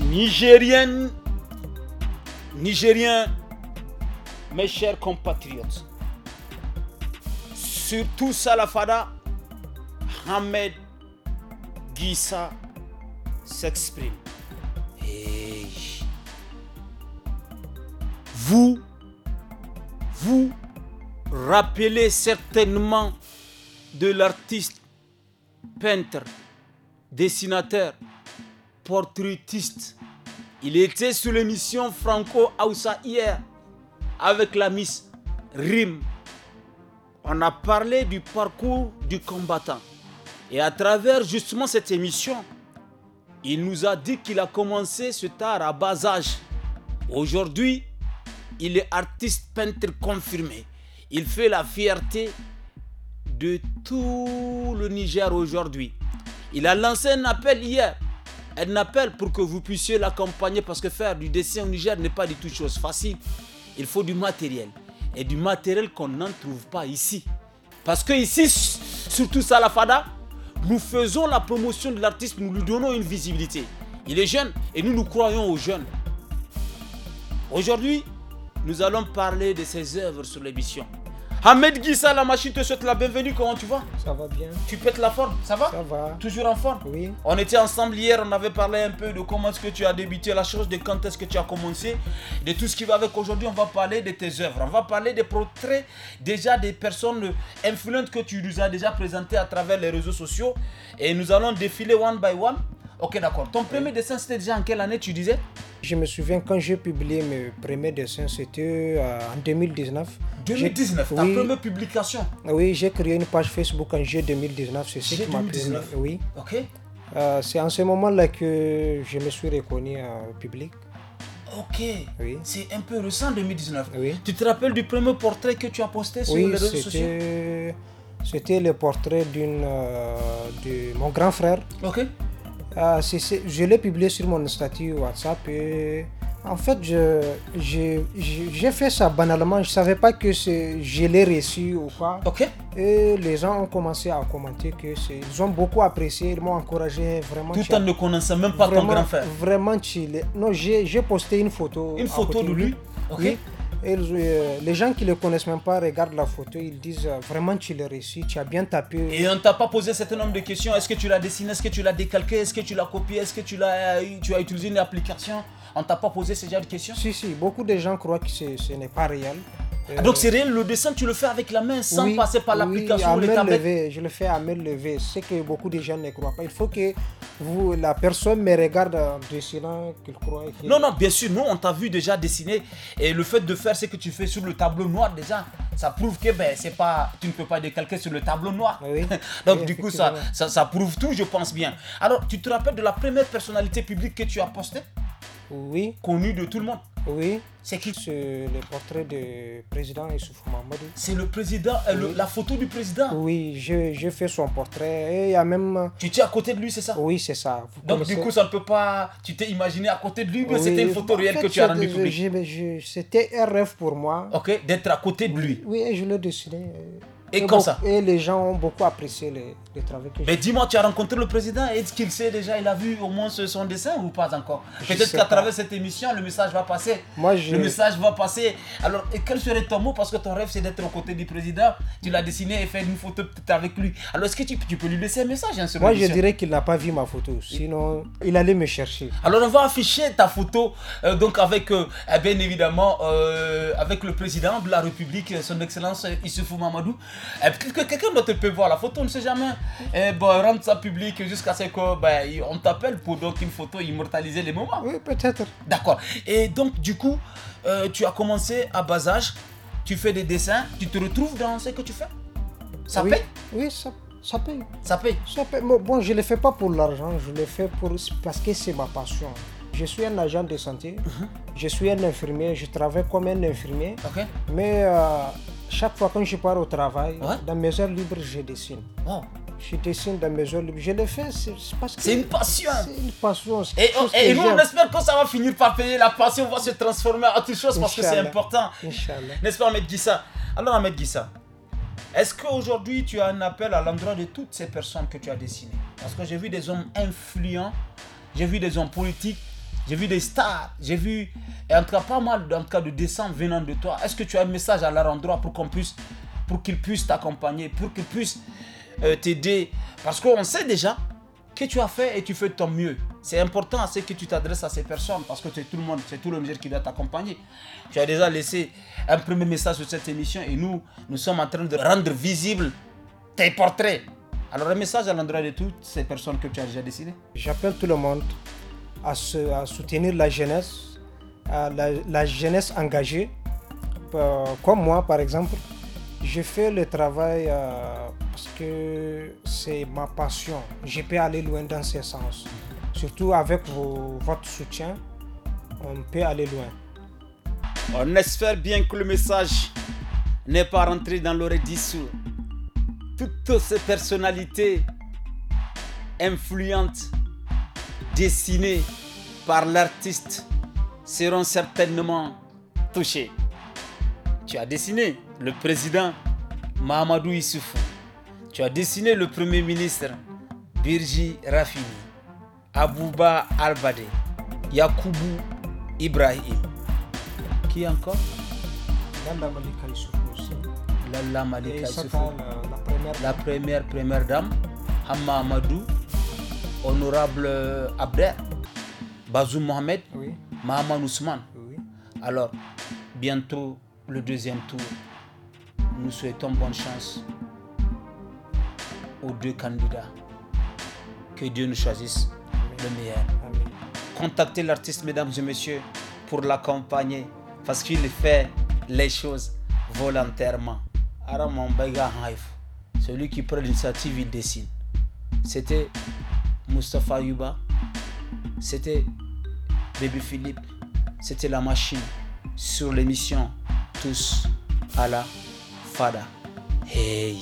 Nigérienne, Nigérien, mes chers compatriotes, surtout Salafada, Ahmed Gissa s'exprime. Vous, vous rappelez certainement de l'artiste, peintre, dessinateur, portraitiste. Il était sur l'émission Franco Aoussa hier avec la Miss Rim. On a parlé du parcours du combattant. Et à travers justement cette émission, il nous a dit qu'il a commencé ce tard à bas âge. Aujourd'hui, il est artiste peintre confirmé. Il fait la fierté de tout le Niger aujourd'hui. Il a lancé un appel hier elle n'appelle pour que vous puissiez l'accompagner parce que faire du dessin au Niger n'est pas du tout chose facile. Il faut du matériel et du matériel qu'on n'en trouve pas ici. Parce que ici, surtout Salafada, nous faisons la promotion de l'artiste, nous lui donnons une visibilité. Il est jeune et nous nous croyons aux jeunes. Aujourd'hui, nous allons parler de ses œuvres sur l'émission. Ahmed Guissa, la machine te souhaite la bienvenue. Comment tu vas Ça va bien. Tu pètes la forme Ça va Ça va. Toujours en forme Oui. On était ensemble hier, on avait parlé un peu de comment est-ce que tu as débuté la chose, de quand est-ce que tu as commencé, de tout ce qui va avec. Aujourd'hui, on va parler de tes œuvres. On va parler des portraits déjà des personnes influentes que tu nous as déjà présentées à travers les réseaux sociaux. Et nous allons défiler one by one. Ok, d'accord. Ton premier dessin, c'était déjà en quelle année tu disais Je me souviens quand j'ai publié mes premiers dessins, c'était euh, en 2019. 2019, ta première publication Oui, j'ai créé une page Facebook en juillet 2019, c'est qui m'a Oui. Ok. Euh, c'est en ce moment-là que je me suis reconnu euh, au public. Ok. C'est un peu récent 2019. Oui. Tu te rappelles du premier portrait que tu as posté sur les réseaux sociaux C'était le portrait d'une de mon grand frère. Ok. Euh, je l'ai publié sur mon statut WhatsApp et en fait, j'ai fait ça banalement. Je ne savais pas que je l'ai reçu ou pas. Ok. Et les gens ont commencé à commenter que ils ont beaucoup apprécié, ils m'ont encouragé vraiment. Tout en ne connaissant même pas vraiment, ton grand frère. Vraiment chill. Non, j'ai posté une photo. Une photo de lui. Ok. Euh, les gens qui ne le connaissent même pas regardent la photo, ils disent euh, vraiment tu l'as réussi, tu as bien tapé. Et on ne t'a pas posé ce certain nombre de questions. Est-ce que tu l'as dessiné, est-ce que tu l'as décalqué, est-ce que tu l'as copié, est-ce que tu, l'as, euh, as utilisé une application On ne t'a pas posé ce genre de questions Si, si, beaucoup de gens croient que ce n'est pas réel. Ah, donc c'est réel, le dessin, tu le fais avec la main sans passer par l'application oui, Je le fais à main levée, ce que beaucoup de gens ne croient pas. Il faut que vous, la personne me regarde en dessinant, qu'il croit. non, non, bien sûr, nous, on t'a vu déjà dessiner. Et le fait de faire ce que tu fais sur le tableau noir, déjà, ça prouve que ben, c'est pas, tu ne peux pas décalquer sur le tableau noir. Donc du coup, ça, ça, ça prouve tout, je pense bien. Alors, tu te rappelles de la première personnalité publique que tu as postée oui. connu de tout le monde. Oui. C'est qui C'est le portrait du président Issoufou Mamadou. C'est le président, euh, la photo du président Oui, j'ai fait son portrait et il y a même... Tu t'es à côté de lui, c'est ça Oui, c'est ça. Donc du coup, ça ne peut pas... Tu t'es imaginé à côté de lui, mais c'était une photo bah, réelle que tu as rendue publique C'était un rêve pour moi. Ok, d'être à côté de lui. Oui, et je l'ai dessiné. Euh, et, comme ça. Et les gens ont beaucoup apprécié les travaux que Mais dis-moi, tu as rencontré le président, est-ce qu'il sait déjà, il a vu au moins son dessin ou pas encore Peut-être qu'à travers cette émission, le message va passer. Moi, je... Le message va passer. Alors, et quel serait ton mot Parce que ton rêve, c'est d'être aux côtés du président. Tu l'as dessiné et fait une photo peut-être avec lui. Alors, est-ce que tu, peux lui laisser un message hein, Moi, je dirais qu'il n'a pas vu ma photo. Sinon, il... allait me chercher. Alors, on va afficher ta photo, euh, donc avec, euh, eh, bien évidemment, euh, avec le président de la République, son Excellence Issoufou Mamadou. Eh, que quelqu'un d'autre peut voir la photo, on ne sait jamais. Et eh, rendre ça public jusqu'à ce qu'on ben, on t'appelle pour donc une photo immortaliser les moments. Oui, peut-être. D'accord. Et donc, du coup, euh, tu as commencé à bas âge, tu fais des dessins, tu te retrouves dans ce que tu fais Ça paye Oui, ça ça paye. Ça paye. bon, je ne le fais pas pour l'argent, je le fais pour, parce que c'est ma passion. Je suis un agent de santé, uh-huh. je suis un infirmier, je travaille comme un infirmier. Mais euh, chaque fois que je pars au travail, dans mes heures libres, je dessine. Je dessine dans mes heures libres. Je le fais c'est parce que. C'est une passion. C'est une passion. Et, nous, on espère que ça va finir par payer. La passion va se transformer en toute chose parce que c'est important. N'est-ce pas, Ahmed Gissa Alors, Ahmed Gissa, est-ce qu'aujourd'hui tu as un appel à l'endroit de toutes ces personnes que tu as dessinées Parce que j'ai vu des hommes influents, j'ai vu des hommes politiques, j'ai vu des stars. J'ai vu, en cas, pas mal en cas, de dessins venant de toi. Est-ce que tu as un message à leur endroit pour qu'on puisse, pour qu'ils puissent t'accompagner, pour qu'ils puissent euh, t'aider Parce qu'on sait déjà que tu as fait et tu fais de ton mieux. C'est important c'est que tu t'adresses à ces personnes parce que c'est tout le monde, c'est tout le monde qui doit t'accompagner. Tu as déjà laissé un premier message sur cette émission et nous, nous sommes en train de rendre visible tes portraits. Alors un message à l'endroit de toutes ces personnes que tu as déjà décidé J'appelle tout le monde à, soutenir la jeunesse, la, jeunesse engagée. Euh, comme moi, par exemple, je fais le travail euh, parce que c'est ma passion. Je peux aller loin dans ce sens. Surtout avec votre soutien, on peut aller loin. On espère bien que le message n'est pas rentré dans l'oreille dissous. Toutes ces personnalités influentes dessinés par l'artiste seront certainement touchés. Tu as dessiné le président Mahamadou Issoufou. Tu as dessiné le premier ministre Birji Rafini, Abouba Albade, Yakoubou Ibrahim. Qui encore euh, La, première, la première, première dame, Amadou honorable euh, Abder, Bazou Mohamed, Mahaman Ousmane. Alors, bientôt le deuxième tour. Nous souhaitons bonne chance aux deux candidats. Que Dieu nous choisisse le meilleur. Contactez l'artiste, mesdames et messieurs, pour l'accompagner parce qu'il fait les choses volontairement. Celui qui prend l'initiative, il dessine. C'était Mustapha Yuba, c'était Bébé Philippe, c'était la machine sur l'émission Tous à la Fada. Hey!